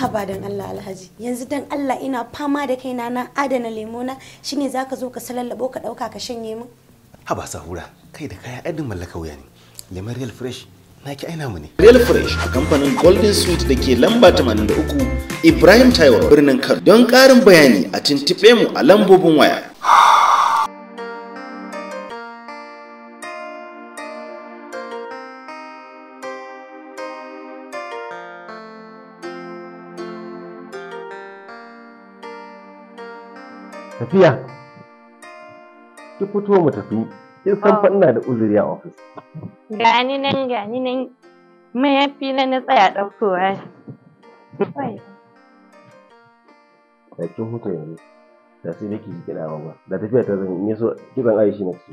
marhaba dan Allah alhaji yanzu dan Allah ina fama da kaina na adana lemona shine zaka zo ka salallabo ka dauka ka shanye min haba sahura kai da kaya adin mallaka wuya ne lemon real fresh na ki aina mu ne real fresh a kamfanin golden sweet da ke lamba 83 ibrahim taiwo birnin kano don karin bayani a tuntuɓe mu a lambobin waya tafiya ki fito mu tafi kin san fa oh. ina da uzuri a ofis gani nan gani nan mayafi na na tsaya ɗaukowa kai kin huta yanzu da sai nake ji kiɗa ba da tafiya ta zan yi so kiɗan aishi na ci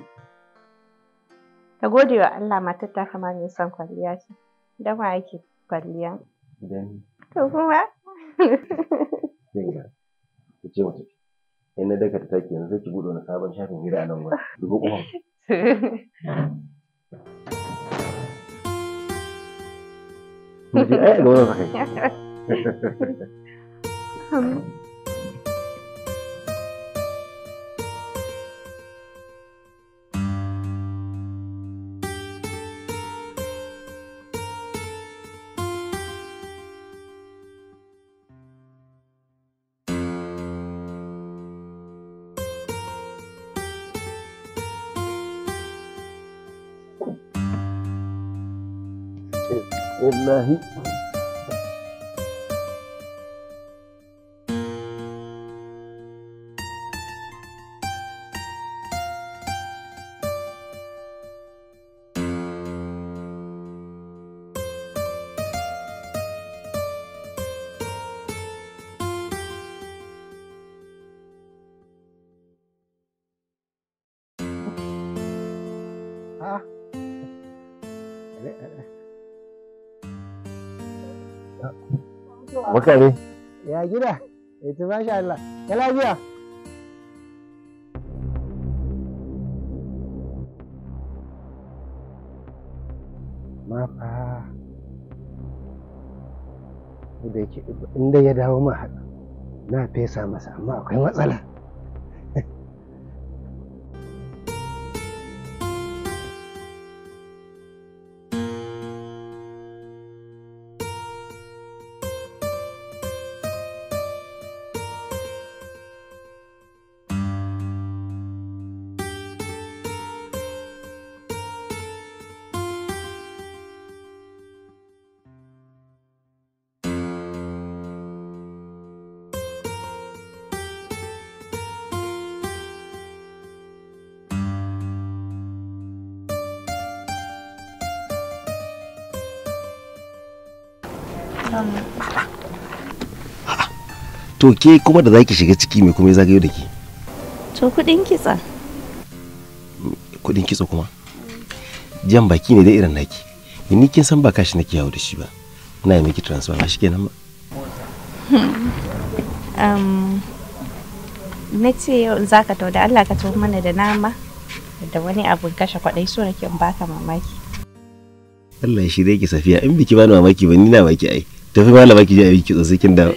ta gode wa Allah matar ta kama ni san kwalliya ce da wa yake kwalliya to kuma Venga, escuchemos. in na daga ta take yanzu ki buɗe wani sabon shafin gida nan wani dubu kuma Mu je ai ga wannan sakai. He kare. Ya gida, ya eh ci masha Allah, ya lafiya. Mafa, inda ya dawo ma haɗa, na fesa masa amma akwai matsala. to ke kuma da zaki shiga ciki me kuma ya zagayo da ke to kudin kitsa kudin kitsa kuma jan baki ne da irin naki ni kin san ba kashi nake yawo da shi ba ina yi miki transfer ba shikenan ba um na ce yau za ka da Allah ka tau mana da nama da wani abun kashe kwadai so nake in baka mamaki Allah ya shirye ki safiya in biki bani mamaki ba ni na baki ai tafi malama ki je a yi kitso sai kin dawo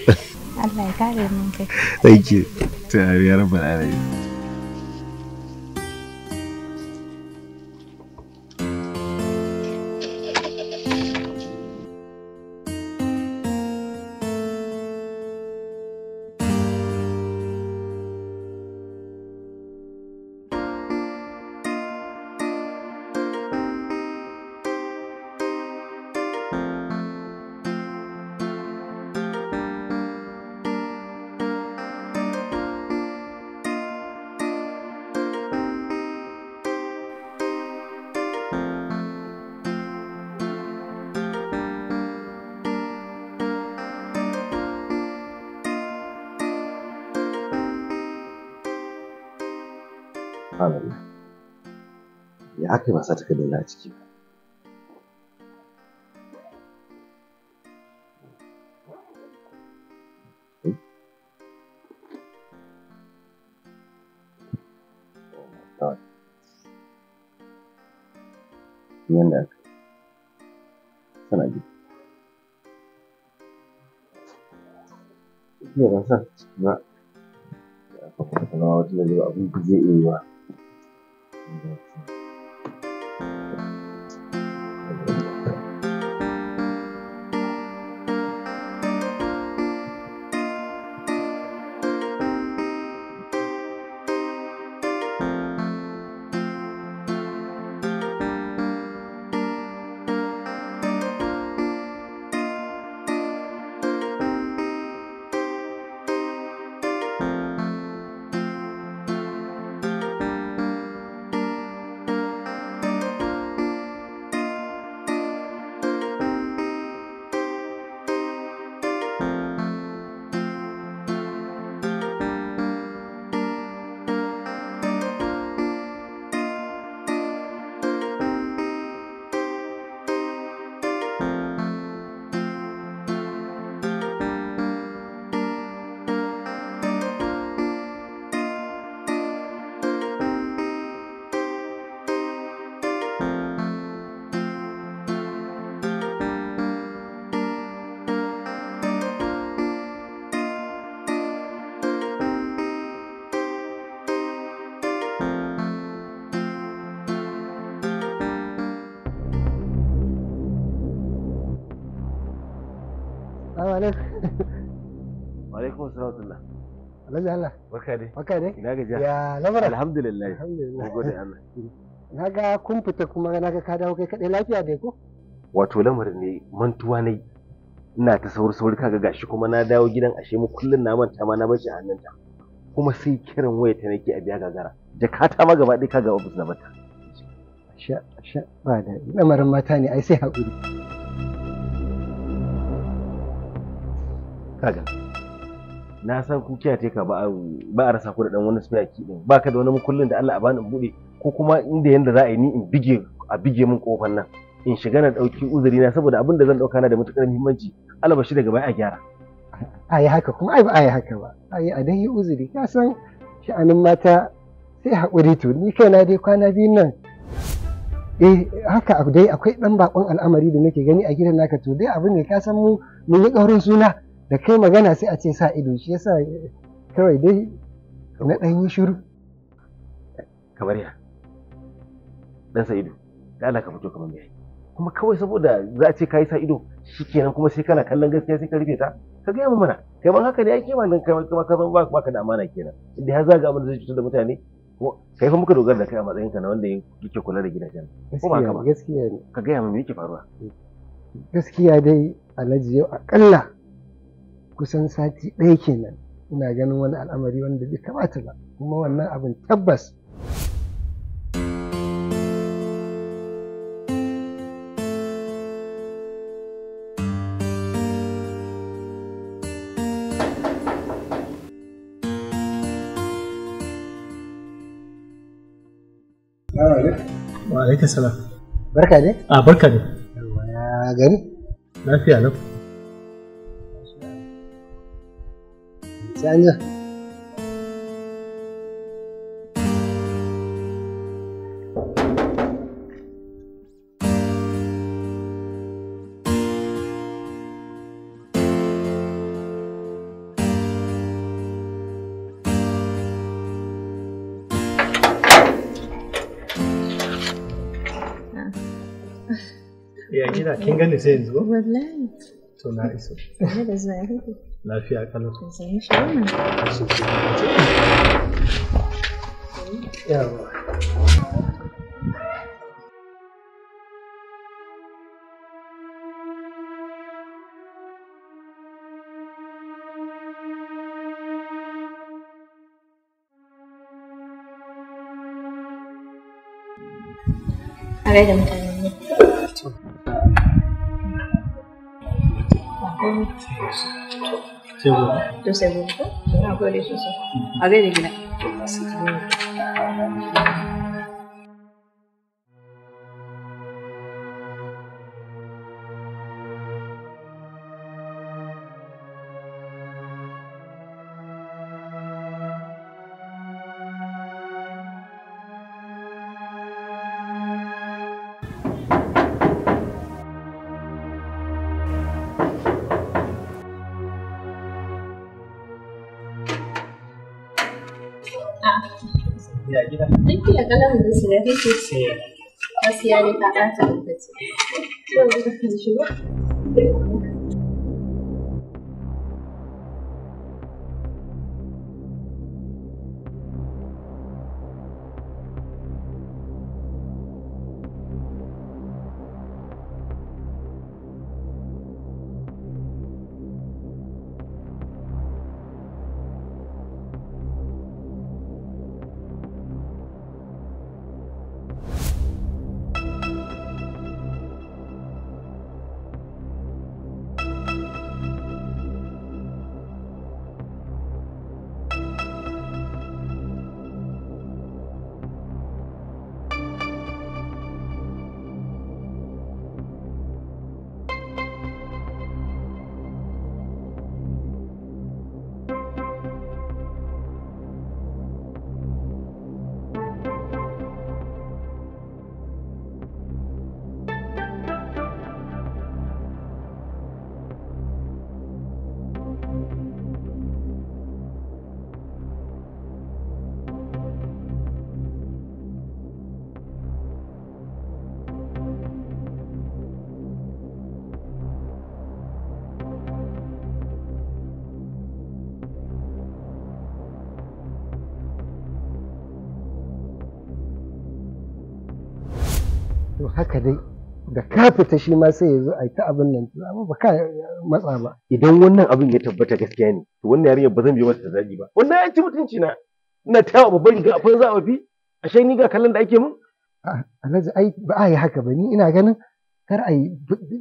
Allah ya kare mun kai thank you ta yarbar alamin Subhanallah. Ya aka ba sa takardar a ciki ba. Eh? yanda aka tana bi iya ba sa ciki ba kuma da abin da zai iya yi ba alaikum. Wa alaikum assalam. Alhaji Allah. Barka dai. Ya lamara. Alhamdulillah. Alhamdulillah. Na ga kun fita kuma na ka dawo kai kaɗai lafiya dai ko? Wato lamarin ne mantuwa ne ina ta sauri sauri kaga gashi kuma na dawo gidan ashe mu kullun na manta ma na bar shi hannunta. Kuma sai kiran waya ta nake a biya gagara. Jakata ma gaba ɗaya kaga ofis na da lamarin mata ne ai sai haƙuri. kaga na san ku kiyate ka ba ba a rasa ku da dan wani spare key din ba ka da wani mukullin da Allah a bani in bude ko kuma inda yanda za a yi ni in bige a bige min kofar nan in shiga na dauki uzuri na saboda abin da zan dauka na da matukar muhimmanci ba shi daga baya a gyara a yi haka kuma ai ba a yi haka ba a a dai uzuri ka san sha'anin mata sai hakuri to ni kaina dai kwana biyu nan eh haka dai akwai dan bakon al'amari da nake gani a gidan naka to dai abin ne ka san mu mun yi ƙaurin suna da kai magana sai a ce sa ido shi yasa kawai dai na dan yi shiru kamar ya dan sa ido da Allah ka fito kamar mai kuma kawai saboda za a ce kai sa ido shikenan kuma sai kana kallon gaskiya sai ka rufe ta ka gaya mana kai man haka ne ai ma dan kai kuma ka zama ba ka da amana kenan inda ya zaga abin da zai cutar da mutane ko kai fa muka dogara da kai a matsayinka na wanda yake kula da gidajen kuma gaskiya ne ka gaya mana me yake faruwa gaskiya dai alhaji yau akalla kusan sati ɗaya kenan ina ganin wani al'amari wanda bai kamata ba kuma wannan abin tabbas Wa alaikasala. Barka ne? A ah, barka ne. Yawa ya gani? Lafiya lau. dễ nhỉ 이야기다 캥거니 세인수 원래 to na iso da lafiya kalau yawa da mutane Seguro. sai seguro? to na a gaida gida Gida gida. Duk ya kalan da su rafi ce. Gaskiya ne ta ɓata lokaci. Yau haka dai da ka fita shi ma sai ya zo a yi ta abin nan amma ba ka matsa ba idan wannan abin ya tabbata gaskiya ne to wannan yarinyar ba zan biyo masa zagi ba wannan ya ci mutunci na ta wa babban ga afin za a fi ashe ni ga kallon da ake mun alhaji ai ba a yi haka ba ni ina ganin kar a yi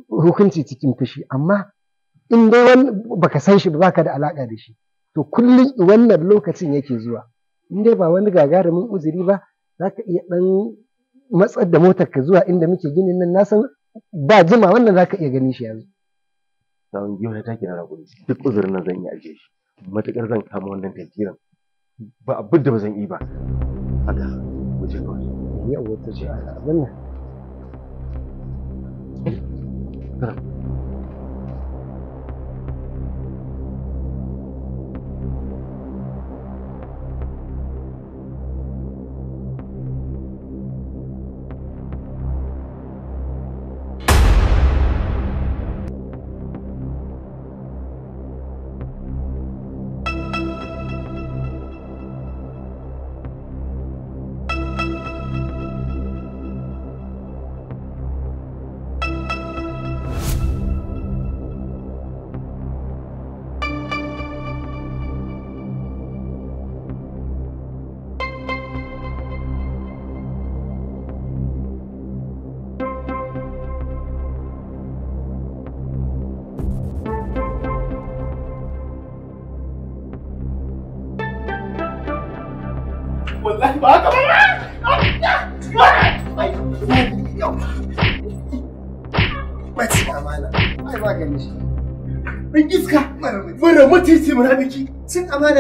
hukunci cikin fushi amma in dai baka san shi ba ka da alaka da shi to kullum wannan lokacin yake zuwa in dai ba wani gagarumin uzuri ba za ka iya ɗan matsar da motar ka zuwa inda muke ginin nan na san ba jima wannan zaka iya gani shi yanzu sawun giyo na take na duk uzurin nan zan yi ajiye shi matukar zan kama wannan tantiran ba abin da ba zan yi ba haka mu je ni a wata ce abin nan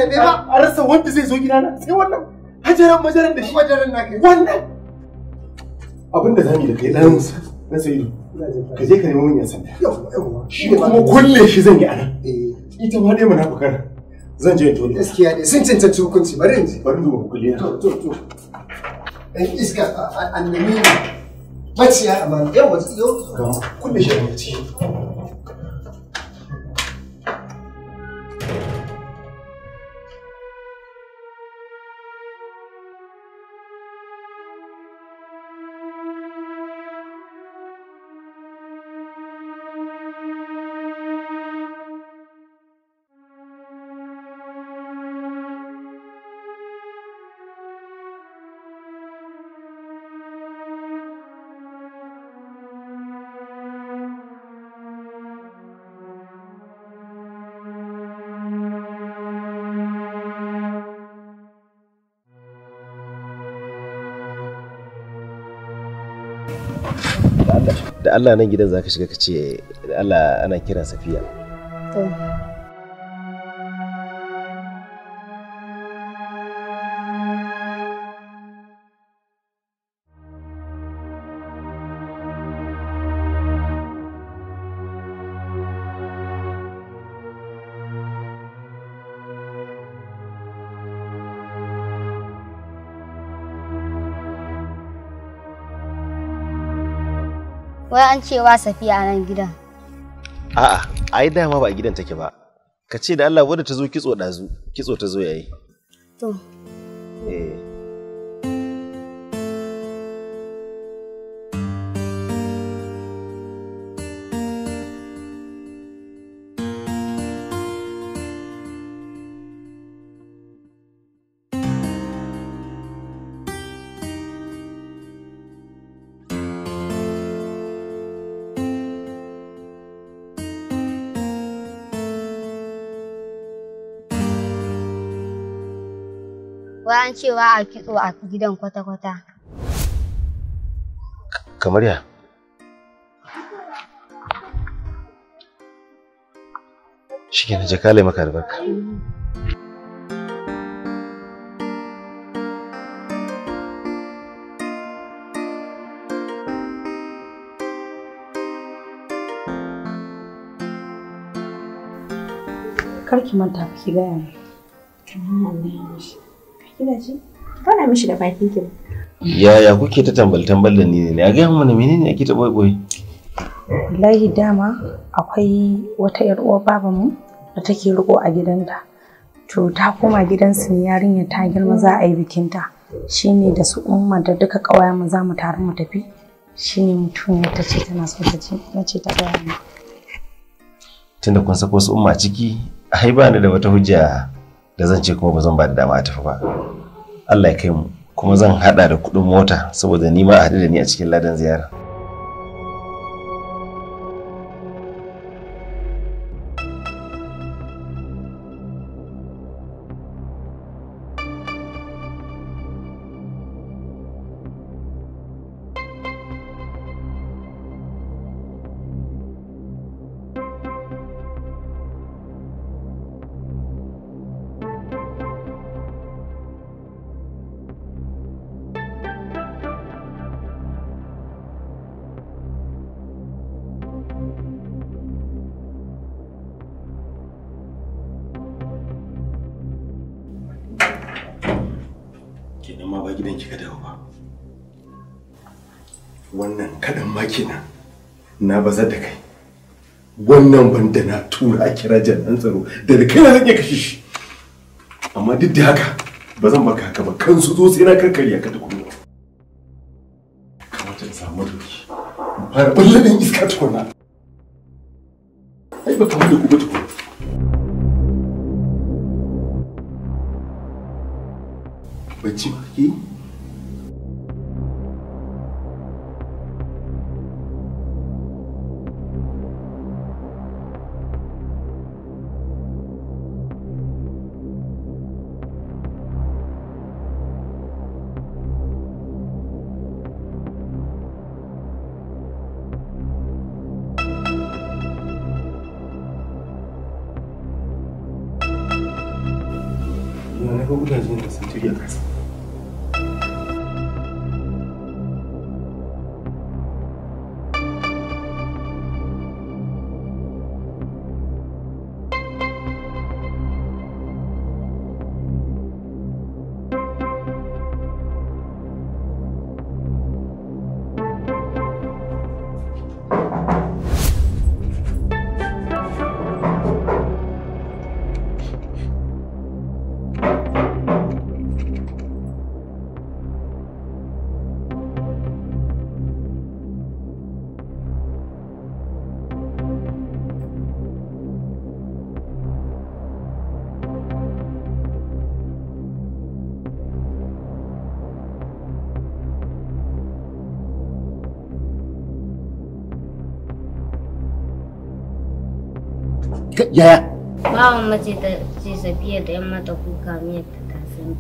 rebe ba a rasa wanda zai zo na. sai wannan hajaran majaran da shi majaran na kai wannan abin da zamu yi da kai dan musa na sayidu ka je ka nemi mun yan sanda shi kuma kulle shi zan yi anan eh. ita ma dai munafukar zan je to gaskiya ne sun cancanci hukunci bari in ji bari duba hukunci to to to dan iska annami maciya amana yau wato kulle shi a ciki da Allah nan gidan zaka shiga ka ce Allah ana kiran Safiya. an ce cewa safiya a nan gidan. A'a, ai dama ba a gidan take ba. Ka ce da Allah wadda ta zo kitso ɗazu, kitso ta zo yayi. To, Bayan cewa a kitso a gidan kwata-kwata. Kamar ya? Shi kenan jakale maka albarka. Kar ki manta ki gaya ni. Kamar Allah ya mishi. Kina ji? mishi da bakin ki. Yaya kuke ta tambal tambal da ni ne? Ya ga mana menene ake ta boye boye? Wallahi dama akwai wata yar uwar mu da take riko a gidanta. To ta koma gidansu ne yarinya ta girma za a yi bikinta. Shine da su umma da duka ƙawayen mu za mu taru mu tafi. Shine mutum ta ce tana so ta na ce ta ƙawayen Tunda kun sako su umma ciki, ai ba ni da wata hujja da zan ce kuma ba zan ba da dama a tafi ba Allah ya kai mu kuma zan hada da kuɗin mota saboda ni ma a hadu da ni a cikin ladan ziyara ma gidan kika dawo ba wannan kaɗan ma kenan na bazar da kai wannan banda na tura a kira jannan tsaro da kai na zan iya kashe shi amma duk da haka ba zan baka haka ba kansu zo sai na karkarya ka ta tukuna kamata in samu doki fara ballan iska tukuna ai ba kamar da kuma tukuna 内巻き yaya bawan mace ta ce safiya da yan mata kuka miyar ta kasan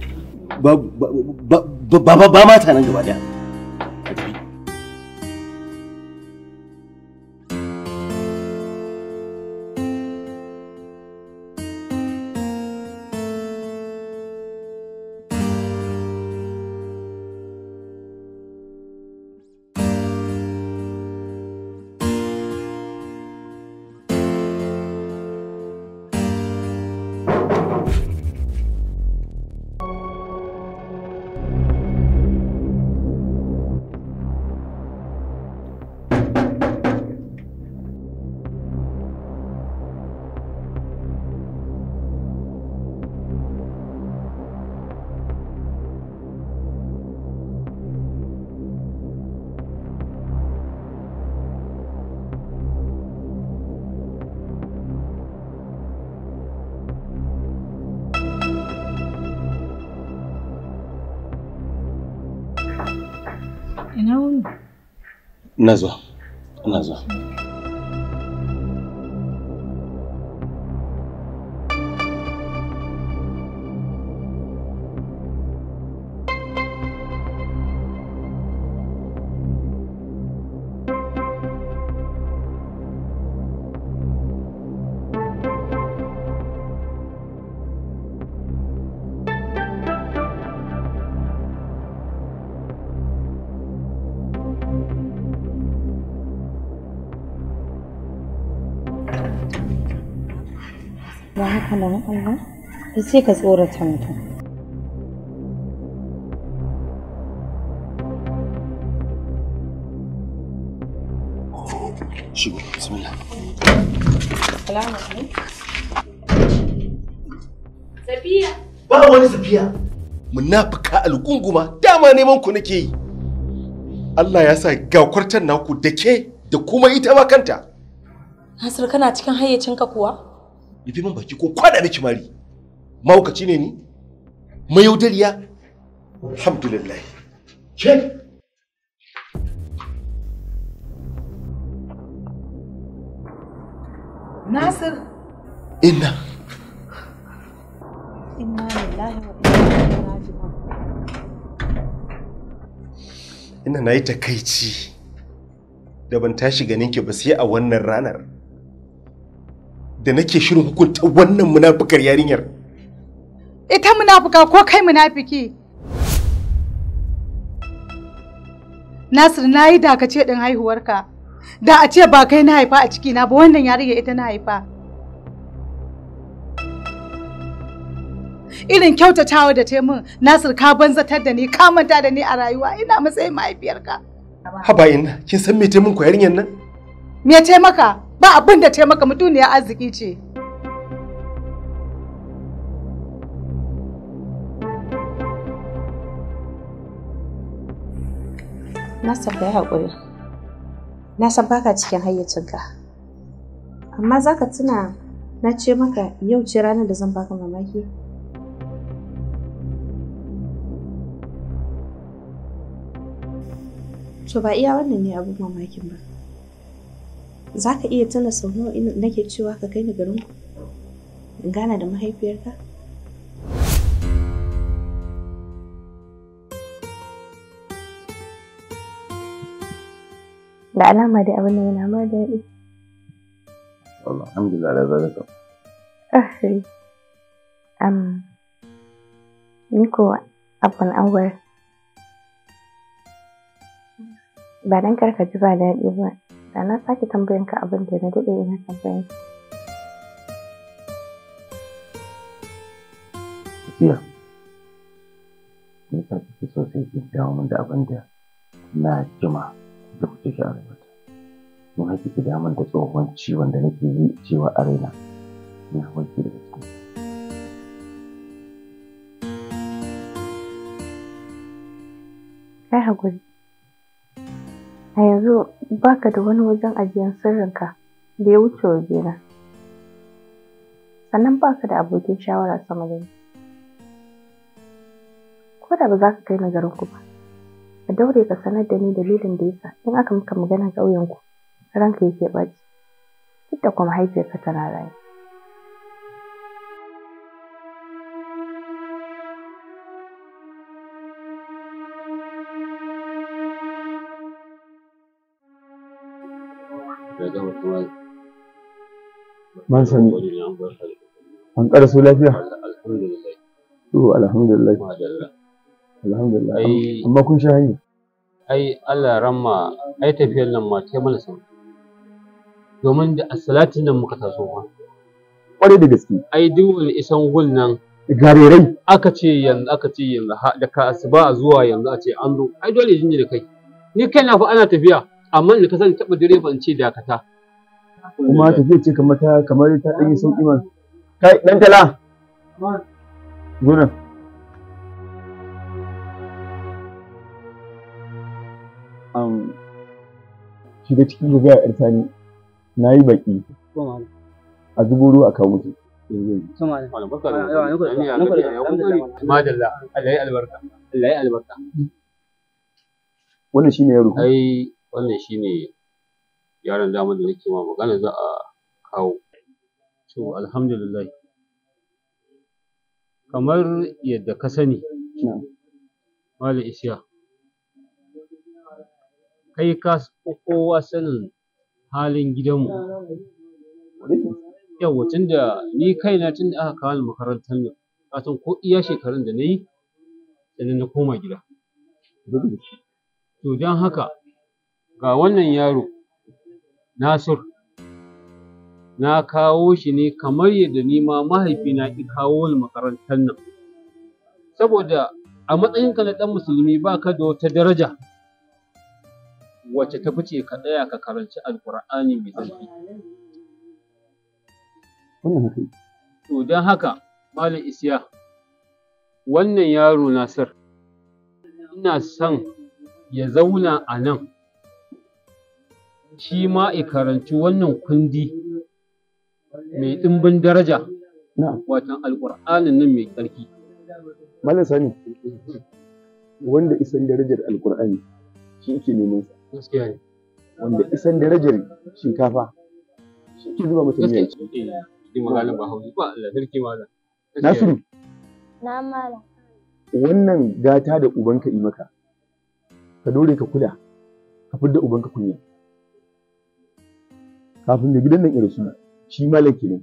ba ba ba ba ba ba ba ba ba ba ba ba ba ina zuwa ina zuwa ba haka nan ya ce ka tsorata mutum shigo bismillah safiya ba munafuka algunguma dama neman ku nake yi Allah ya sa ga naku da ke da kuma ita ma kanta Nasir kana cikin hayyacinka kuwa? fi min baki ko kwada miki mari. Mahaukaci ne ni? yaudariya? Alhamdulillah. Ke? Nasir. Inna. Inna lillahi wa inna raji'un. Ina na yi takaici da ban tashi ganin ki ba sai a wannan ranar. da nake shirin hukunta wannan munafukar yarinyar ita munafuka ko kai munafiki Nasir na yi dakace ɗin haihuwarka da a ce ba kai na haifa a ciki na ba wannan yarinya ita na haifa irin kyautatawa da taimun Nasir ka banzatar da ni ka manta da ni a rayuwa ina matsayin mahaifiyarka haba ina kin san me taimun ku yarinyar nan me taimaka ba abin da ta maka mutuniyar arziki ce Nasir ka yi haƙuri na san baka cikin hayyacinka amma za ka tuna na ce maka yau ce ranar da zan baka mamaki to ba iya wannan ne abin mamakin ba za ka iya tuna sau nawa ina nake cewa ka kai ni garin ku gana da mahaifiyarka da alama da abin da yana ma daɗi alhamdulillah da zalika ah, am ni ko abin awar ba dan karka ji ba daɗi ba da na sake tambayan ka abin da na daɗe ina tambayan ka. Tafiya, ni ka sosai ki dawo min da abin da na jima da kuke shi a rayuwata. Ni ma dawo da tsohon ciwon da nake yi cewa a raina. Na wanke da cikin Kai haƙuri. A yanzu ba ka da wani wajen ajiyar sirrinka da ya wuce wajena. Sannan ba ka da abokin shawara sama da ni. Ko da ba za ka kai ni garinku ba, ka daure ka sanar da ni dalilin da yasa in aka maka magana ƙauyenku ranka yake ɓaci, duk da kuma haifiyarka tana raye. Man san an karasu lafiya to alhamdulillah alhamdulillah amma kun sha hanya ai Allah ramma ai tafiyar nan ma ta mana sauki domin da salatin nan muka taso ma kwarai da gaske ai duk wani isan gul nan garerai aka ce yanzu aka ce yanzu da ka asuba zuwa yanzu a ce an zo ai dole da kai ni kaina fa ana tafiya amma ni ka san taba direban in ce dakata kuma tafiya ce kamar ta kamar ta ɗanyi sauƙi ma kai ɗan tala zo nan ne shiga cikin a na yi baƙi a zubo wannan yaro yaron daman da nake ma magana za a kawo to alhamdulillah kamar yadda ka sani Malam Isiya kai ka kowa sanin halin gidanmu yawwa da ni kaina da aka kawo ni makarantar nan ka san ko iya shekarun da na yi sannan na koma gida to don haka ga wannan yaro Nasir, na kawo shi ne kamar yadda ni ma mahaifina ki kawo ni makarantar nan. Saboda a matsayinka na ɗan musulmi ba ka da wata daraja wacce ta fice ka tsaya ka karanci alkur'ani mai tsarki. To don haka, Malam Isiya, wannan yaro Nasir, ina son ya zauna a nan. shi ma ya karanci wannan kundi mai ɗimbin daraja watan alƙur'anin nan mai ƙarfi. Malam Sani, wanda isan darajar alƙur'ani shi ke neman sa. Wanda isan darajar shinkafa shi ke zuba mata miya. Eh, Nasiru. Na malam. Wannan gata da ubanka yi maka, ka dore ka kula, ka fidda ubanka kunya. kafin mai gidan nan ya rasu shi malaki ne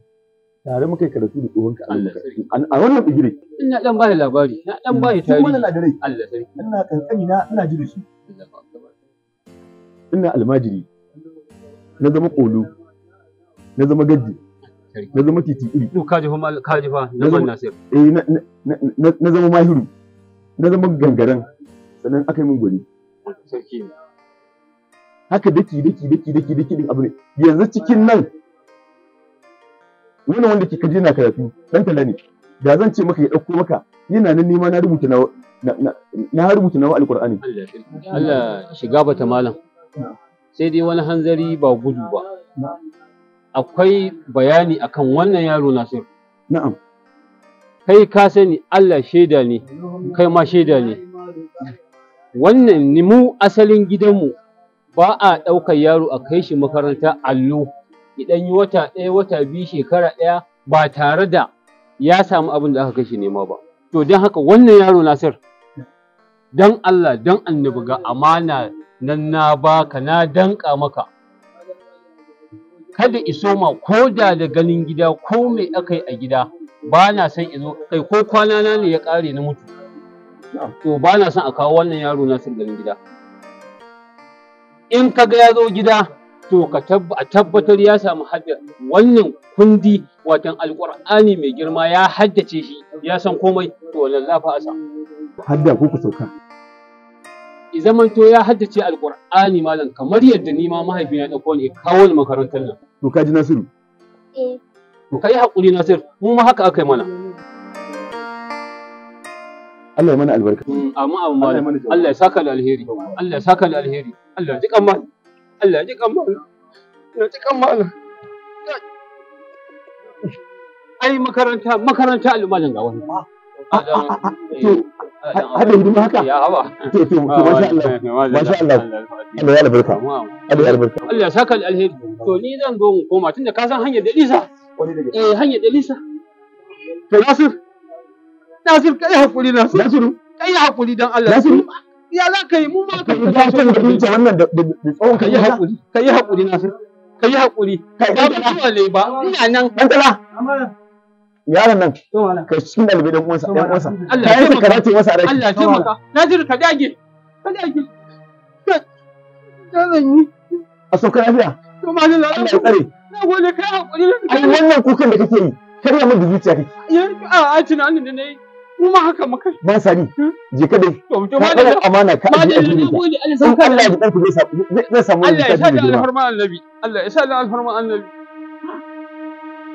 tare muka karatu da tsohon ka a wannan bigire ina dan bani labari na dan bani tarihi na dare Allah sarki ina kankani na ina jira shi ina almajiri na zama kolo na zama gaddi na zama titi iri to ka jifa ka jifa na zama nasir eh na zama mahiru na zama gangaran sannan aka yi min gwani sarki ne haka daki daki daki daki daki din abu ne yanzu cikin nan wani wanda ke kaji na karatu dan tala ne da zan ce maka ya dauko maka yana nan nema na rubuta na na rubuta na alqur'ani Allah shiga bata malam sai dai wani hanzari ba gudu ba akwai bayani akan wannan yaro Nasir na'am kai ka sani Allah shaida ne kai ma shaida ne wannan ni mu asalin gidanmu ba a ɗaukar yaro a kai shi makaranta allo idan yi wata ɗaya wata biyu shekara ɗaya ba tare da ya samu abin da aka kai shi nema ba to don haka wannan yaro nasir don Allah don annabi ga amana nan na ka, na danka maka kada iso ma ko da da ganin gida ko me aka yi a gida ba na son izo kai ko kwana na ne ya ƙare na mutu to ba na son a kawo wannan yaro nasir ganin gida in ka ga ya zo gida to ka tabbatar ya samu hajja wannan kundi watan Alƙur'ani mai girma ya haddace shi ya san komai to lallafa a samu hadda ko ku sauka i zaman to ya haddace Alƙur'ani malam kamar yadda ni ma mahaifina da ne kawo makarantar nan to ka ji nasiru eh. to kai hakuri nasir mu ma haka aka yi mana Allah ya mana albarka amma abu Allah ya saka da alheri Allah ya saka da alheri Allah ya ji kamal Allah ya ji kamal ya ji kamal ai makaranta makaranta almajan ga wannan haɗin duma haka to to masha Allah masha Allah Allah ya albarka Allah ya albarka Allah ya saka da alheri to ni zan zo mu koma tunda ka san hanyar da Lisa eh hanyar da Nasir Nasir yi hakuri Nasir. ka yi hakuri don Allah. Nasiru. Ya za ka yi mu ma ka yi Ka ka yi hakuri. Ka yi Ka yi hakuri. Ka ba ba wale ba. Ina nan. Dan Yaron nan. Ka cikin dalibai dan uwansa dan uwansa. Allah ya Ka masa rai. Allah ya Nasiru ka dage. Ka dage. Ya zan yi. A sauka lafiya. To ma Allah ya tsare. Na gode yi. hakuri. Ai wannan kukan da kake yi. Kar ya mun da zuciya kake. A tunanin da na yi. mu haka ba sani hmm? je ka dai amana ka da Allah Allah samu Allah ya sa da annabi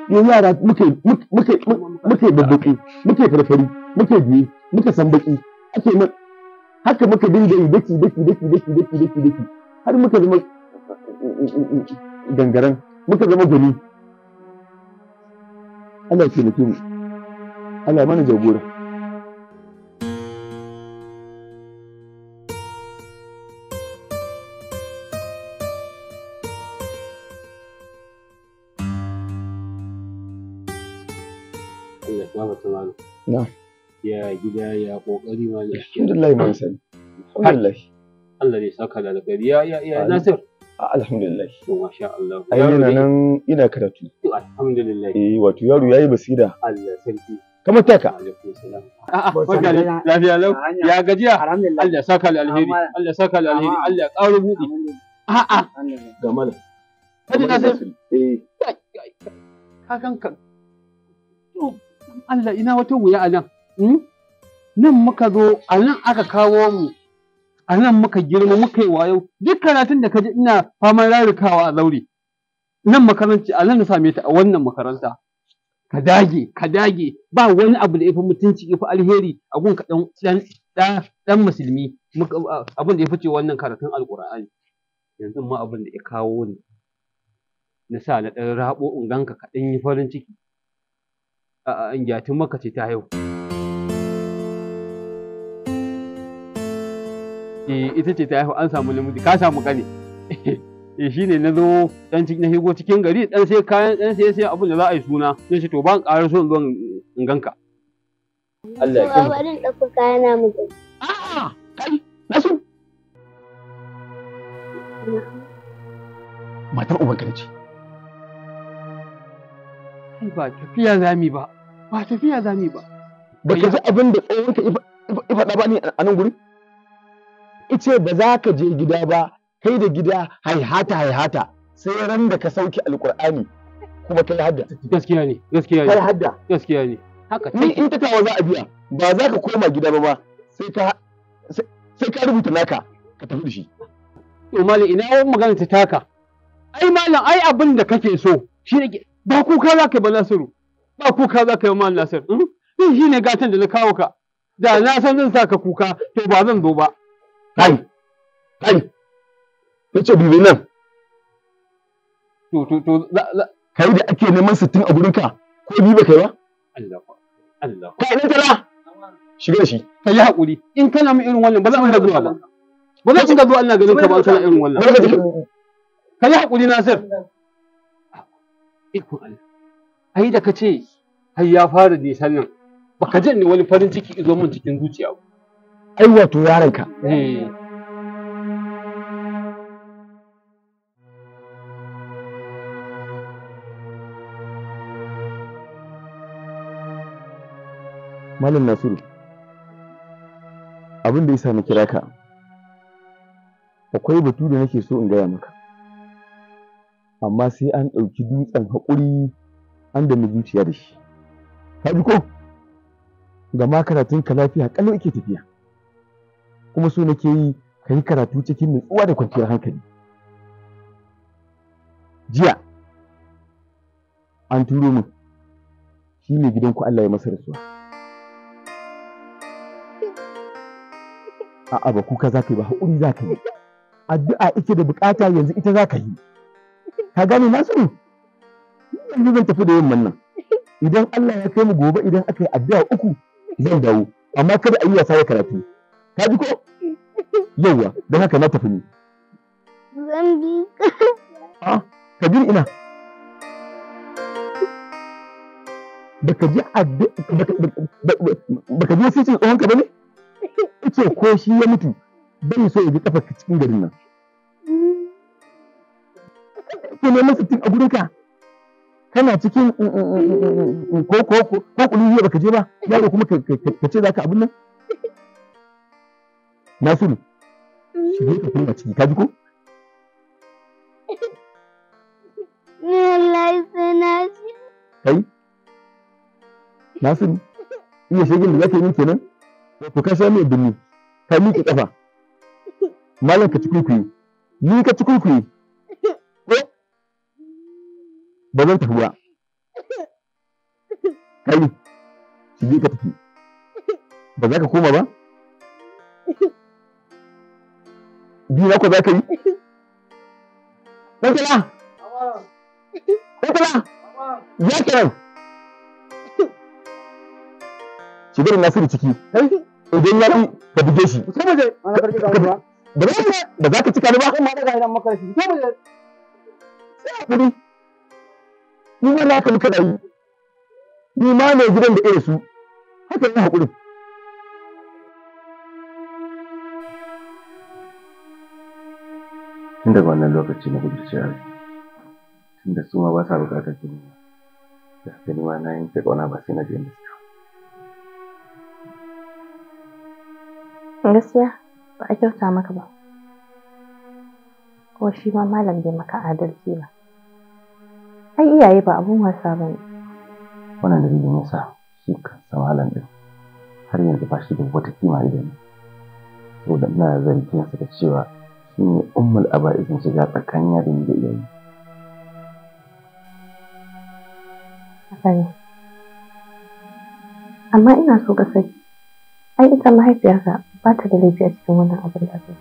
yara muke muke muke farfari muke biye muke ake nan haka muka dinga yi daki daki daki daki daki daki daki har muka zama gangaren muka zama gani Allah ya taimake mu Allah ya mana jagora gida ya kokari ma ne alhamdulillah ma sani Alhamdulillah. Allah ne saka da gari ya ya ya Nasir alhamdulillah to masha Allah ai yana nan ina karatu alhamdulillah eh wato yaro yayi basira Allah sarki kamar taka barka da lafiya lau ya gajiya Allah saka da alheri Allah saka da alheri Allah ƙaro buɗi a'a ga malam kaji Nasir eh ka kanka Allah ina wata wuya a nan hmm? nan muka zo a nan aka kawo mu a nan muka girma muka yi wayo duk karatun da kaji ina faman rarikawa a zaure nan makaranci a nan na same ta a wannan makaranta ka dage ka dage ba wani abu da ya fi mutunci ya fi alheri a gun ka dan musulmi abin da ya fice wannan karatun alkur'ani yanzu ma abin da ya kawo ni na sa na ɗan rabo in ganka kaɗan yi farin ciki a'a in gyatun maka ce ta yau Eh, ita ce ta haihu an samu namiji ka samu kane eh shine na zo dan cikin cikin gari dan sai kayan dan sai sai abin da za a yi suna dan shi to ban ƙara so in in ganka Allah ya kai ba dauko kayana mu a'a kai na su matar uban kai ba tafiya zami ba ba tafiya zami ba ba ji abin da tsawon ka ifa ba ni a nan gurin ice ba za ka je gida ba kai da gida haihata haihata sai ran da ka sauke alkur'ani kuma kai hadda gaskiya ne gaskiya ne kai hadda gaskiya ne haka ni in ta kawo za a biya ba za ka koma gida ba ba sai ka sai ka rubuta naka ka tafi da shi to malam ina wani magana ta taka ai malam ai abin da kake so shi ne ba kuka za ka yi ba nasiru ba kuka za ka yi Nasiru? nasir hmm? shi ne gatan da na kawo ka da na san zan sa ka kuka to ba zan zo ba kai kai nace dube nan to to to kai da ake neman sittin a gurin ka ko bi ba kai ba Allah Allah kai nan shiga shi kai ya hakuri in kana mu irin wannan ba za mu da zuwa ba ba za ka zo Allah garin ka ba kana irin wannan kai ya hakuri Nasir ikon Allah ai da kace Kai ya fara nisan nan baka jan ni wani farin ciki izo mun cikin zuciya ba aiwato yaranka. Eh. Malam Nasiru, abin da yasa na kira ka, akwai batu da nake so in gaya maka, amma sai an ɗauki dutsen haƙuri an da zuciya da shi. Haɗi ko, gama karatunka lafiya ƙalau ike tafiya. kuma so nake yi ka yi karatu cikin nutsuwa da kwanciyar hankali jiya an turo min shi ne gidanku Allah ya masa rasuwa a'a ba kuka za ka yi ba haƙuri za ka yi addu'a ita da buƙata, yanzu ita za ka yi ka gane nasiru yanzu zan tafi da yin nan idan Allah ya kai mu gobe idan aka yi addu'a uku zan dawo amma kada a yi wasa ya karatu ka ji ko yauwa don haka na tafi ne zan bi ka ka ina baka ji baka ji sai tsohon ka bane ce ko shi ya mutu bai so ya ji kafa cikin garin nan ke neman sittin a gurinka kana cikin mm, mm, mm, ko ko ko baka je ba yaro kuma ka ce za ka abin nan Nasiru, shige mm. ka koma ciki, ka ji ko? na Kai? Nasiru, iya shigin da zaka yi min kenan? ko ka san mai binni, ka miƙe ƙafa. Malam ka ci kuikuyi, ni ka ci kuikuyi. Ko? Ba zan tafi ba. Kai, shige ka tafi. Ba za ka koma ba? dina ko za ka yi wakila wakila ya kiran shigar nasiru ciki idan ya yi ka buge shi da ba za ka cika ni ba ba sai kuri ni ma na kan kada yi ni ma ne gidan da irin su haka tun daga wannan lokaci na kudurci ciyar tun da su ma ba sa bukatar jini da suka nima na yanke ƙauna ba sai na je inda gaskiya ba a kyauta maka ba Ko shi ma malam bai maka adalci ba ai iyaye ba abun wasa ba ne wannan dalilin yasa shi kansa malam ɗin har yanzu ba shi da wata kima idan saboda ina zargin sa da cewa shi ne ummul aba'izin shiga tsakanin yarin da sani amma ina so ka sani ai ita mahaifiyarka ba ta da laifi a cikin wannan abin da ta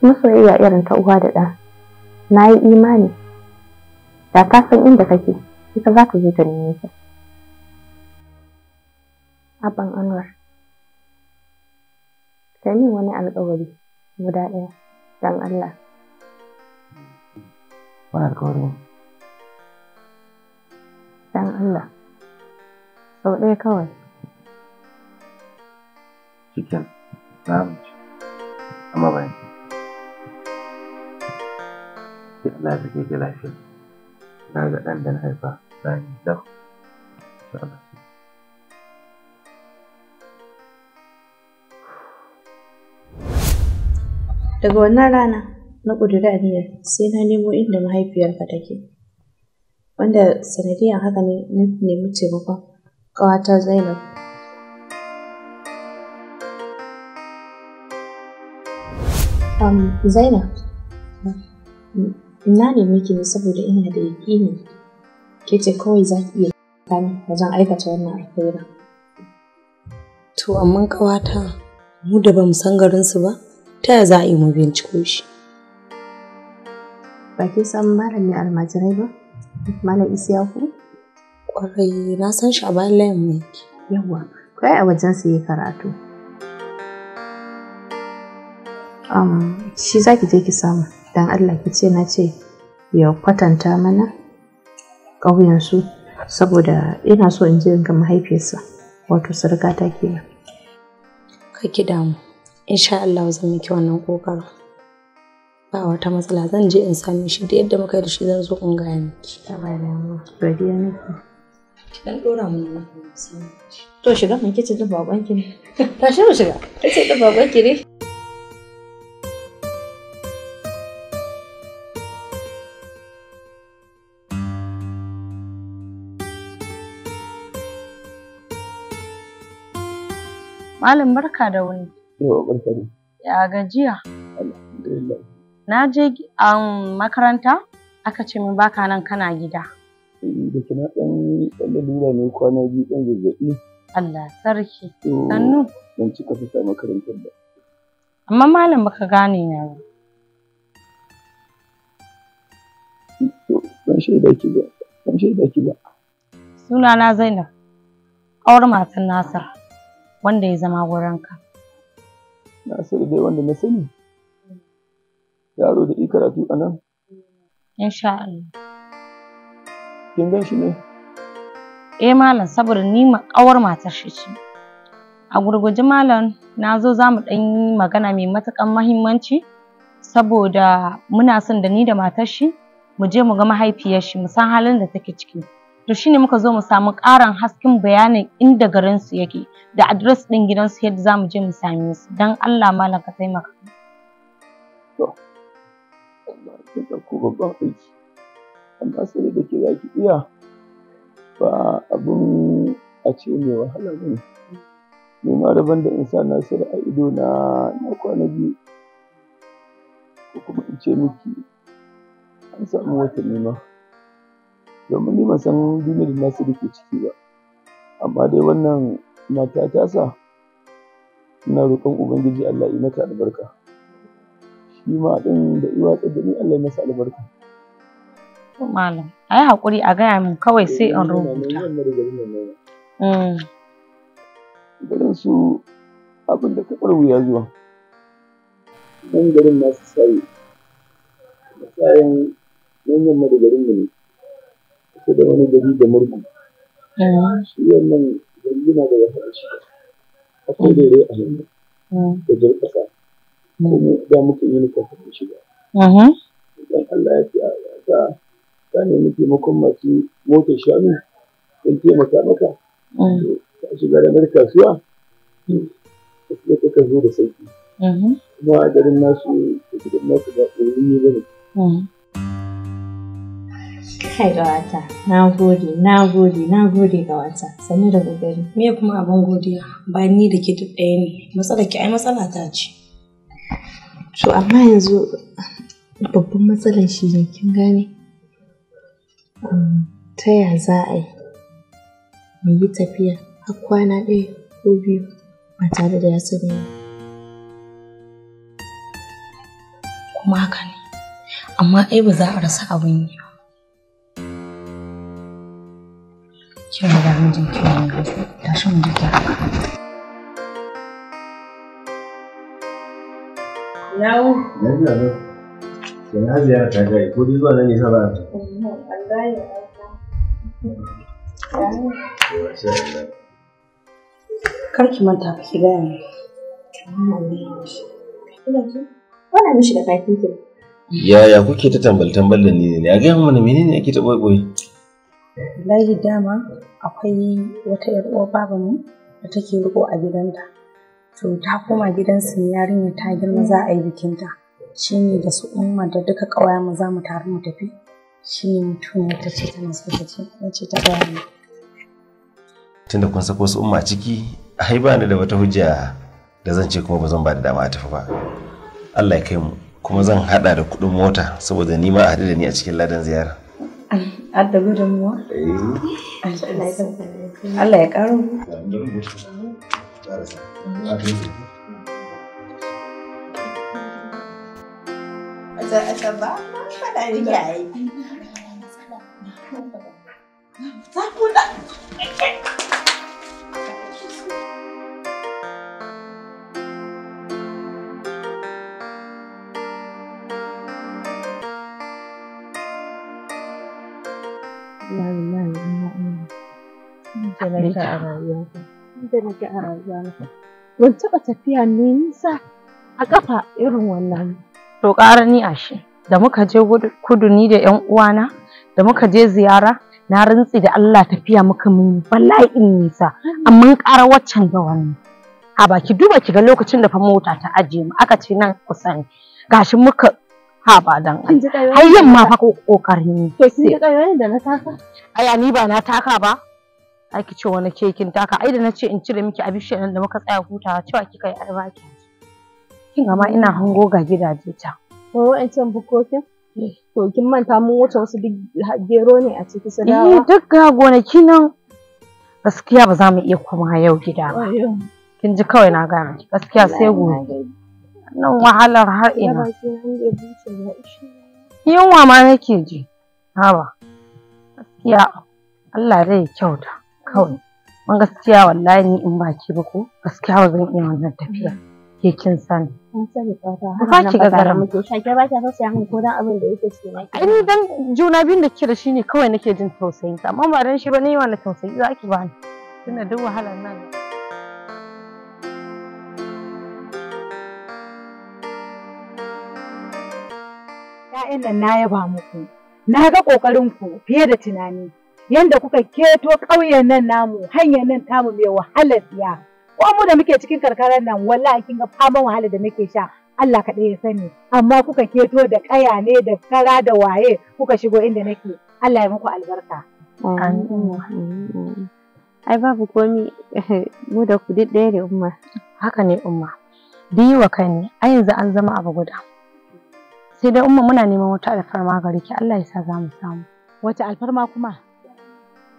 kuma soyayya irin ta uwa da ɗa na yi imani da ta san inda kake ita za ta zo ta neme ka Abban Anwar, ka min wani alƙawari guda ɗaya don Allah. Wani ne? Don Allah, sau ɗaya kawai. Cikin, na amince, amma bayan. Sai Allah ya sake ki lafiya. Na ga ɗan da na haifa, bayan da, insha Allah. Daga wannan rana na ƙudiri aniyar sai na nemo inda mahaifiyarka take, wanda sanadiyan haka ne na nemi taimakon ƙawata Zainab. Um, Zainab, na nemi ki ne saboda ina da yaƙini ke ce kawai za ki iya kani wajen aikata wannan alkhairin. To, amma ƙawata mu da bamu mu san garinsu ba? ta yaya za a yi mu binciko shi ba ke san malami almajirai ba malam isiyaku kwarai na san shi a bayan layin mai. yake kai a wajen su yi karatu um, shi za ki je ki samu don allah ki ce na ce ya kwatanta mana ƙauyensu saboda ina so in je ga mahaifiyarsa wato surukata kenan ka ki damu insha Allah zan miki wannan kokarin ba wata matsala zan je in sami shi da yadda muka yi da shi zan zo in gaya miki ta ba da mu godiya nake dan dora mu ne to shiga mun kici da babanki ne tashi shiga shiga kici da babanki ne Malam barka da wani. Ya gajiya. Na je um, makaranta aka ce min baka nan kana gida. Eh, da kina ɗan ɗan lura ne kwana biyu zazzaɓi. Allah sarki. Sannu. Amma malam baka gane na Ban shaida ki ba. Ban shaida Sunana Zainab. Ƙawar matan Nasir wanda ya zama wurinka. na sai dai wanda na sani yaro da ikaratu karatu a nan insha Allah kin gan shi ne eh malam saboda ni makawar matar shi ce a gurguje malam na zo za mu ɗan yi magana mai matuƙan mahimmanci saboda muna son da ni da matar shi mu je mu ga mahaifiyar shi mu san halin da take ciki to shine muka zo mu samu ƙarin hasken bayanin inda garinsu yake da adres ɗin gidansu yadda za mu je mu same su dan Allah malam ka taimaka to ko babban aiki amma sai da ke za ki iya ba abun a ce mai wahala ba ne ni ma daban da insa na sir a ido na na kwana biyu ko kuma in ce miki an samu wata nema domin ni ban san duniyar da Nasiru ke ciki ba amma dai wannan mata ta sa. ina roƙon ubangiji Allah yi mata albarka shi ma ɗin da iwa da ni Allah ya masa albarka malam ai hakuri a gaya min kawai sai in rubuta mm. garin su abin da kaɓar wuya zuwa nan garin nasu sayi sayan yan yamma da garin ne ko da wani gari da murgu mm. shi wannan gari yana da wata shi akwai da rai a yanzu da jar ƙasa mm. kuma ga muka yi nufa kuma shi ba mm-hmm. idan Allah ya fi a ta ta nemi makon masu motar shanu don taimaka maka mm. ka shiga ranar kasuwa sai ka zo da sauki mm-hmm. kuma a garin nasu da gidan nasu ba ƙoyi ne ba ne kai gawata na gode na gode na gode gawata sannu da gogari me kuma abin godiya Ba ni da ke duk ɗaya ne matsala ki ai matsala ta ce to amma yanzu babban matsalar shi ne kin gane ta ya za a yi mu yi tafiya har kwana ɗaya ko biyu ba tare da ya sani kuma haka ne amma ai ba za a rasa abin yi ba. kin riga mijinki ne ya zo tashi mu je tare Lawo. Lafiya Ke na ziyara ta gari ko dai zuwa nan ne ba ta. Yaya kuke ta tambal tambal da ni ne? gaya mana menene ake ta ɓoye Wallahi dama akwai wata ‘yar baban babanmu da take riƙo a gidanta. To ta koma gidansu ne yarinyar ta girma za a yi bikinta. Shi ne da su umma da duka mu za mu taru mu tafi. Shi ne mutumiyar ta ce tana so ta ce, na ce ta gaya mu. Tunda kun sako su umma ciki, ai ba ni da wata hujja da zan ce kuma ba zan ba da dama a tafi ba. Allah ya kai mu. Kuma zan haɗa da kuɗin mota saboda ni ma a haɗu da ni a cikin ladan ziyara. Har da eh. Allah ya ƙaro. Wata asaba, faɗa ya yi. Za ku da. na sha taɓa tafiya mai nisa a ƙafa irin wannan. To ƙara ni ashe. Da muka je kudu ni da ‘yan uwana, da muka je ziyara, na rintsi da Allah tafiya muka mun bala'in nisa, amma ƙara waccan da wannan. A baki duba ki ga lokacin da fa mota ta ajiye mu, aka ce nan kusa ne. Gashin muka dan yamma aya ni ba na taka ba ake ce wani ke taka ai da na ce in cire miki a nan da muka tsaya hutawa cewa kika yi albaki ki kin amma ina hango ga gidaje ta ko wa'ancan bukokin eh. to kin manta mun wuce wasu duk gero ne a ciki su dawa eh duk ga gonaki nan gaskiya ba za mu iya kuma yau gida ba kin ji kawai na gane gaskiya sai gobe nan wahalar har ina yunwa ma nake ji haba gaskiya Allah zai kyauta kawai mun gaskiya wallahi ni in ba ki ba ko gaskiya ba zan iya wannan tafiya ke kin sani an sani ki ga gara muke sha ke ba ki so sai ko dan abin da yake cewa ni dan juna biyun da kike da shi ne kawai nake jin tausayin amma ba dan shi ba ne wannan tausayi za ki bani tunda duk wahalar nan ‘Ya'yan nan na yaba muku, na ga ƙoƙarinku fiye da tunani. yanda kuka keto ƙauyen nan namu hanyar nan tamu mai wahalar siya ko mu da muke cikin karkarar nan wallahi kin ga faman wahala da muke sha Allah kaɗai ya sani amma kuka keto da ƙaya ne da kara da waye kuka shigo inda nake Allah ya muku albarka ai babu komi mu da ku duk ɗaya ne umma haka ne umma biyu wa kai ne ai yanzu an zama abu guda sai dai umma muna neman wata alfarma gare ki Allah ya sa za mu samu wata alfarma kuma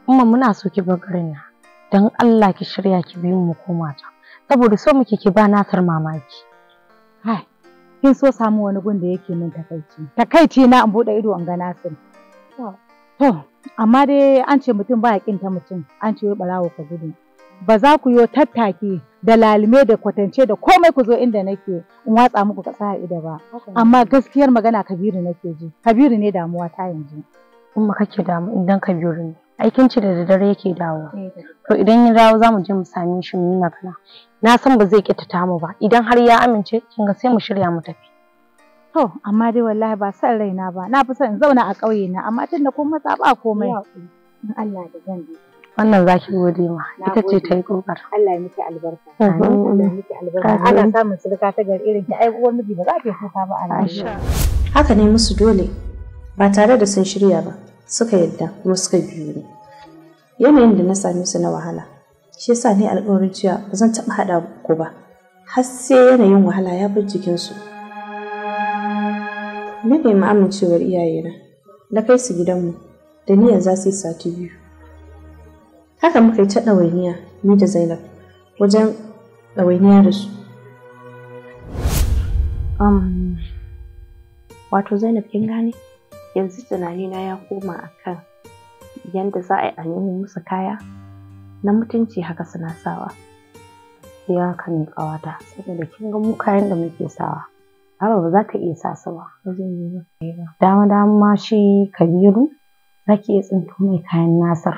kuma muna so ki bar garin nan. Dan Allah ki shirya ki bi mu koma ta. Saboda so muke ki ba nasar mamaki. Hai, kin so samu wani gun da yake min takaici. Takaici na in bude ido in ga nasin To, amma dai an ce mutum ba ya ta mutum, an ce barawo ka gudu. Ba za ku yi tattaki da lalime da kwatance da komai ku zo inda nake in watsa muku kasa a ido ba. Amma gaskiyar magana Kabiru nake ji. Kabiru ne damuwa ta yanzu. kuma kake damu idan Kabiru ne. Aikinci da daddare yake dawo, eh, to idan ya dawo za mu je mu same shi mu yi magana na san ba zai kyautata mu ba idan har ya amince kin ga sai mu shirya mu tafi to amma dai wallahi ba san raina ba na fi son zauna a ƙauye na amma tun da kuma matsa ba komai in Allah da zan bi wannan zaki gode ma ita ce ta yi kokar Allah ya miki albarka mhm. ana samun sulka ta gari irin ki ai uwar miji ba za ki kuka ba a haka ne musu dole ba tare da sun shirya ba suka yadda kuma suka biyu ni yanayin da na same su na wahala shi yasa ni alƙawarin cewa ba zan taɓa haɗa ku ba har sai yanayin wahala ya bar jikinsu na nemi amincewar iyayena na kai su gidanmu da ni za su yi sati biyu haka muka yi ta ɗawainiya ni da zainab wajen ɗawainiya da su wato zainab kin gane yanzu tunanina ya koma a kan yadda za a yi a nemo musu kaya na mutunci haka suna sawa ya kan kawata saboda kin ga mu kayan da muke sawa haka ba za ka iya sa su ba dama dama shi kabiru za ki iya tsinto mai kayan nasar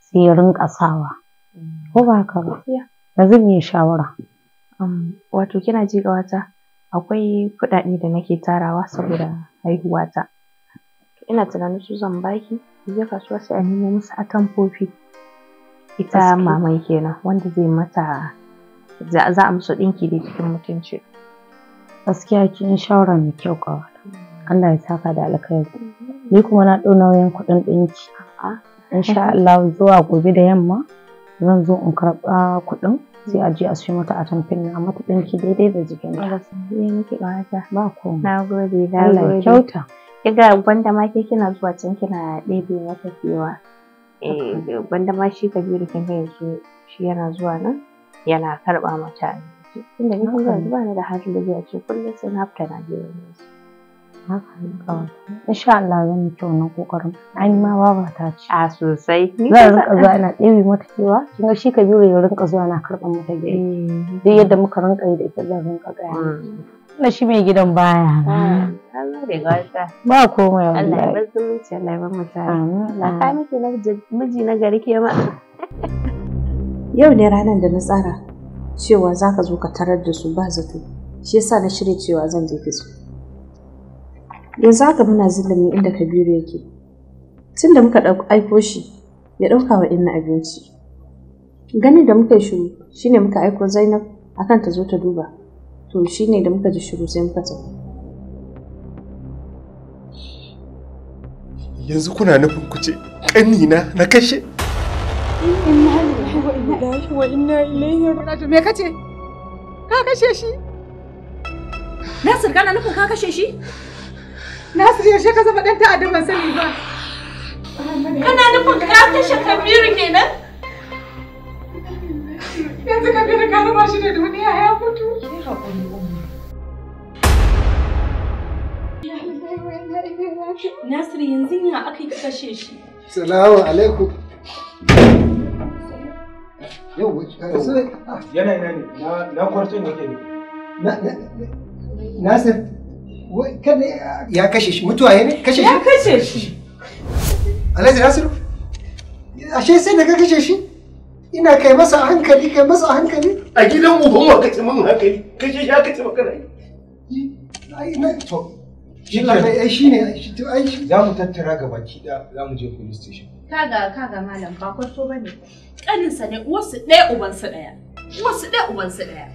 sai ya ko ba haka ba zan iya shawara wato kina ji ga wata akwai kuɗaɗe da nake tarawa saboda haihuwata ina tunanin su zan baki ki je kasuwa sai a nemo musu atamfofi ita maman kenan wanda zai mata za a musu ɗinki da cikin mutunci gaskiya kin shawara mai kyau kawai Allah ya saka da alkhairi ni kuma na ɗau nauyin kuɗin ɗinki insha Allah zuwa gobe da yamma zan zo in karɓa kuɗin sai a je a siyo mata a tamfin na mata ɗinki daidai da jikinta. Ba komai. Na gode, na gode. Allah ya kyauta. Kiga gwanda ma ke kina zuwa can kina ɗebe mata kewa. Eh gwanda ma shi Kabiru kin ga yanzu shi yana zuwa nan yana karɓa mata tunda ni kun ga bani da halin da zai ce kullum sai na fita na je wani haka ne kawai insha Allah zan yi kyau na kokarin ai ma baba ta ce a sosai zan rinka zuwa ina ɗebe mata kewa kin ga shi Kabiru ya rinka zuwa na karɓa mata gari eh. duk yadda muka rinka yi da ita zan rinka gaya mm. na shi mai gidan baya ah, ba komai Allah ya bar zumunci Allah ya bar mutane na na miji na gari ke ma yau ne ranar da na tsara cewa za ka zo ka tarar da su ba zato shi yasa na shirya cewa zan je kitso yanzu haka muna zillimi inda kabiru yake tun da muka aiko shi ya ɗauka wa inna abinci gani da muka shiru shine muka aiko zainab akan ta zo ta duba to ne da muka ji shiru sai muka tafi yanzu kuna nufin ku ce ƙanina na kashe inna lillahi wa ka kashe shi Nasir kana nufin ka kashe shi Nasir yaushe ka zama dan ta ban sani ba Kana nufin ka kashe Kabiru kenan Yanzu Kabiru ka raba shi da duniya ya mutu Nasir Nasiru yanzu ya aka yi kashe shi. Salamu alaikum. Yau wuce. Yana ina ne, na kwarton yake ne. Nasir, kada ya kashe shi, mutuwa ya ne? Kashe shi? Ya kashe shi. Alhaji Nasiru, ashe sai da ka kashe shi? ina kai masa hankali kai masa hankali a gidan uban wa kace mun hankali kace ya kace maka rai ai na to shi ne ai shi ne shi to ai za mu tattara ga baki da mu je police station kaga kaga malam ba kwaso bane kanin sa ne wasu ɗaya uban su ɗaya wasu ɗaya uban su ɗaya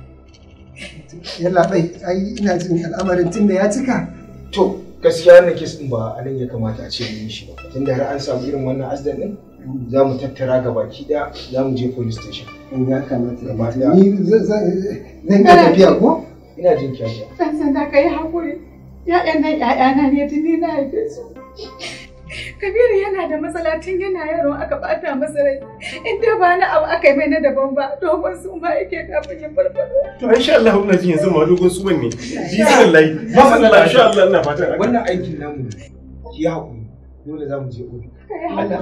yalla bai ai ina jin al'amarin tunda ya cika to gaskiya na kiss ba anan ya kamata a ce mun shi ba tunda har an samu irin wannan asdan din za mu tattara ga baki daya za mu je police station eh, ya kamata gaba daya ni zan ga tafiya ko ina jin kyashi dan ka yi hakuri ya'yan nan ya'yana ne tuni na haife su Kabiru yana da matsala tun yana yaro aka ɓata masa rai. In dai ba na abu aka yi mai na daban ba, dogon su ma yake kafin ya farfado. To insha Allah ina jin yanzu ma dogon su ne. Bizin lai. Ba matsala insha Allah ina fatan. Wannan aikin namu ya hakuri. Dole za mu je ofis.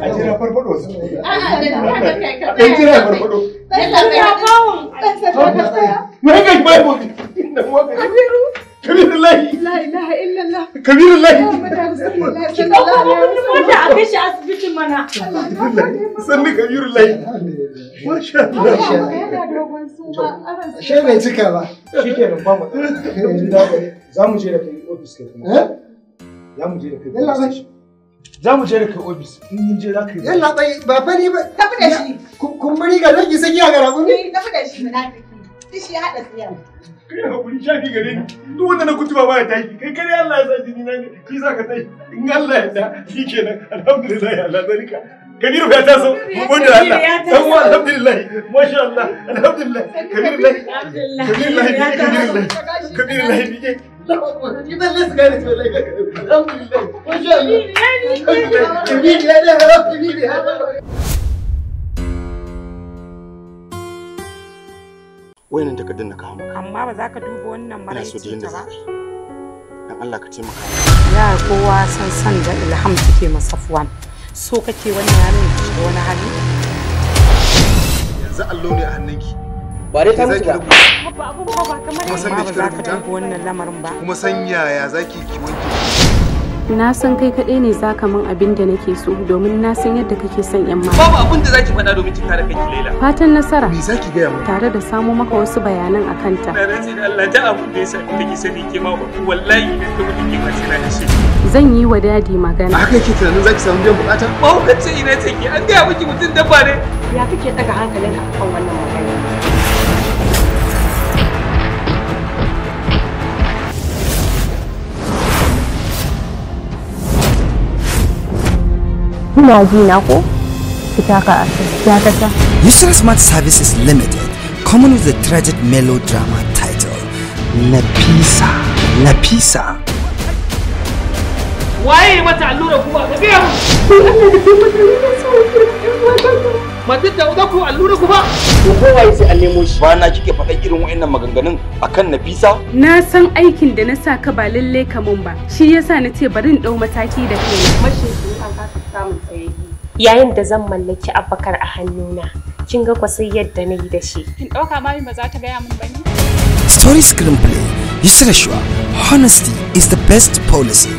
a jira farfado su a'a da kai ka tsaya jira farfado yalla kabiru kabiru lahi la illallah kabiru lahi mota a kai shi mana sanni kabiru lahi masha Allah ba shi bai cika ba mu za mu je da kai office kai kuma eh? za mu je da kai za mu je da kai ofis in mun je za ka yi yalla bai ba fari ni ba tafi da shi kun muri ga dangi sai ya gara gumi tafi da shi munafiki shi ya hada tsiya kai hakuri shafi gare ni duk wanda na ba baya tashi kai kare Allah ya sa jini na ne shi sa ka tashi in Allah ya da shikenan alhamdulillah ya Allah zarika Kabiru ya taso mu gode Allah dan uwa alhamdulillah masha Allah alhamdulillah Kabiru alhamdulillah Kabiru alhamdulillah Kabiru alhamdulillah Wai nan takardar na kawo maka amma ba za ka duba wannan maraicin ta ba dan Allah ka taimaka ya kowa san san da ilham take masa fuwan so kake wannan yaron ki shiga wani hali yanzu allo ne a hannunki ba dai ta mutu ba ba san da kika wannan lamarin kuma san yaya zaki ki wanke na san kai kaɗai ne za ka min abin da nake so domin na san yadda kake son yan mata. Babu abin da za ki faɗa domin ki kare kanki Laila. Fatan nasara. Me za ki gaya mu? Tare da samo maka wasu bayanan a kanta. Na rantsi da Allah ta abin da ya sa ki sani ke ma wallahi idan ka mutu ki ma sai na ishe. zan yi wa dadi magana. Haka yake tunanin zaki samu biyan bukata? Ba hukunci ina take an gaya miki mutum dabba ne. Ya kake daga hankalinka akan wannan magana? Kuna ji na ko? Fitaka dakata. Yusra Smart Services Limited, common with the tragic melodrama title, Nafisa, Nafisa. Waye mata allura kuma ka biya mu. Allah da kuma yi so matar da za ku allura ku ba. To kowaye sai an nemo shi. Bana kike faɗa irin wa'annan maganganun akan Nafisa? Na san aikin da na sa ka ba lalle kamun ba. Shi yasa na ce bari in ɗau mataki da kai. Mashi Yayin da zan mallaki abakar a hannuna, kin ga kwasai yadda na yi da shi. Kin ɗauka mami ba za ta gaya min ba ne? Story screen screenplay, Yusra sure honesty is the best policy.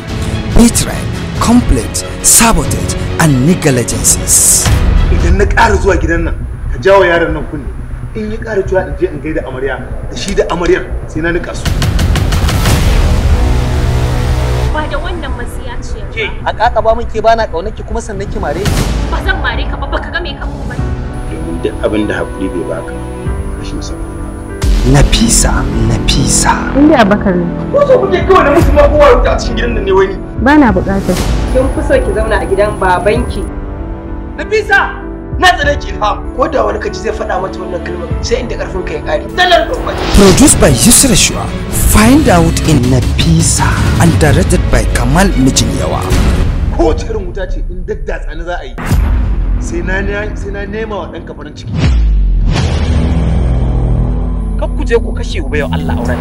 betray complaint, sabotage, and negligences. Idan na ƙara zuwa gidan nan, ka jawo yaron nan kunne. In yi ƙara zuwa in je in gaida amarya, da shi da amaryar sai na nika su. Ba da wannan ke a kakaba min ke na ƙaunar ki kuma sannan ki mare ba zan mare ka ba baka ga me ka ba domin duk abin da hakuri bai baka rashin sabon Nafisa, Nafisa. Inda Abakar ne. Ko so kuke kawai da musu ma kowa rubuta a cikin gidan nan ne wai ni. Ba na buƙatar. Kin fi so ki zauna a gidan babanki. Nafisa, na tsare ki ilham ko da wani kaji zai faɗa mata wannan kalmar sai inda karfin ka ya kare dalar gwamnati produced by Yusra Shua find out in Na Nafisa and directed by Kamal Mijinyawa kowace irin wuta ce in daddatsa ni za a yi sai na nema wa ɗanka farin ciki kar ku je ku kashe uba yau Allah auren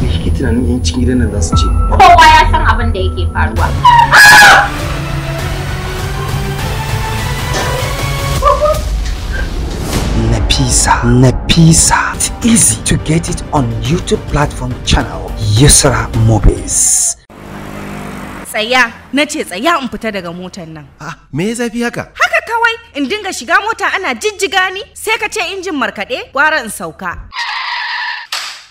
me kike tunanin yan cikin gidan nan za su ce kowa ya san abin da yake faruwa ah! Nafisa. Nafisa. It's easy to get it on YouTube platform channel Yusra Movies. Tsaya, na ce tsaya in fita daga motar nan. Ah, me ya zafi haka? Haka kawai, in dinga shiga mota ana jijjiga ni, sai ka ce injin markaɗe, gwara in sauka.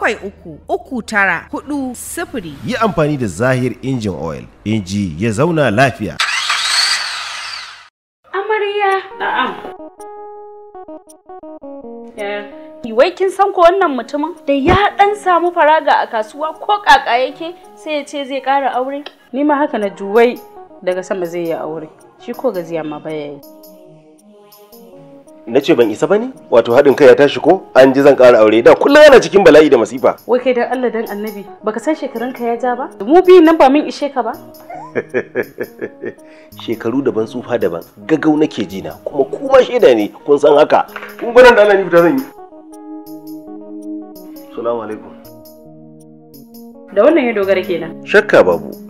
bakwai uku uku tara hudu sifiri. Yi amfani da Zahir injin oil, inji ya zauna lafiya. Amarya. Na'am. Wai kin san ko wannan mutumin da ya dan samu faraga a kasuwa ko kaka yake sai ya ce zai ƙara aure? Ni ma haka na juwai daga sama zai yi aure. Shi ko gaziya ma baya yi. na ce ban isa ba ne wato haɗin kai ya tashi ko an ji zan ƙara aure da kullum yana cikin bala'i da masifa wai kai dan Allah dan annabi baka san shekarun ka ya ja ba mu biyun nan ba min ishe ka ba shekaru daban tsufa daban gagau nake jina kuma kuma shaida ne kun san haka kun gwanan da Allah ni fita zan yi salamu alaikum da wannan ya dogara kenan shakka babu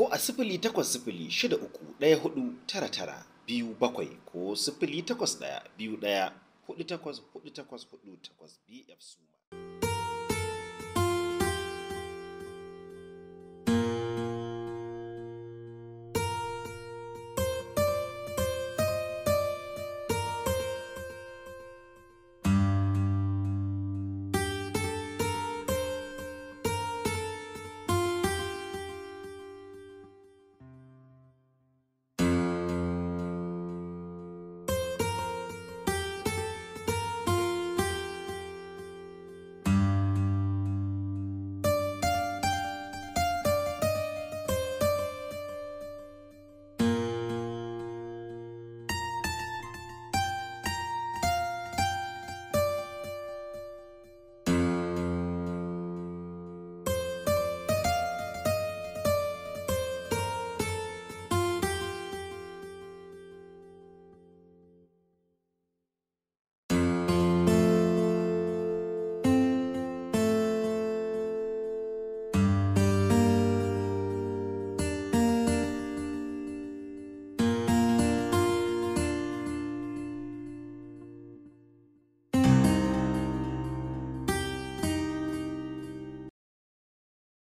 ko a sifili takwas sifili shida uku ɗaya hudu tara tara biyu bakwai ko sifili takwas ɗaya biyu ɗaya hudu takwas hudu takwas hudu takwas bf suma.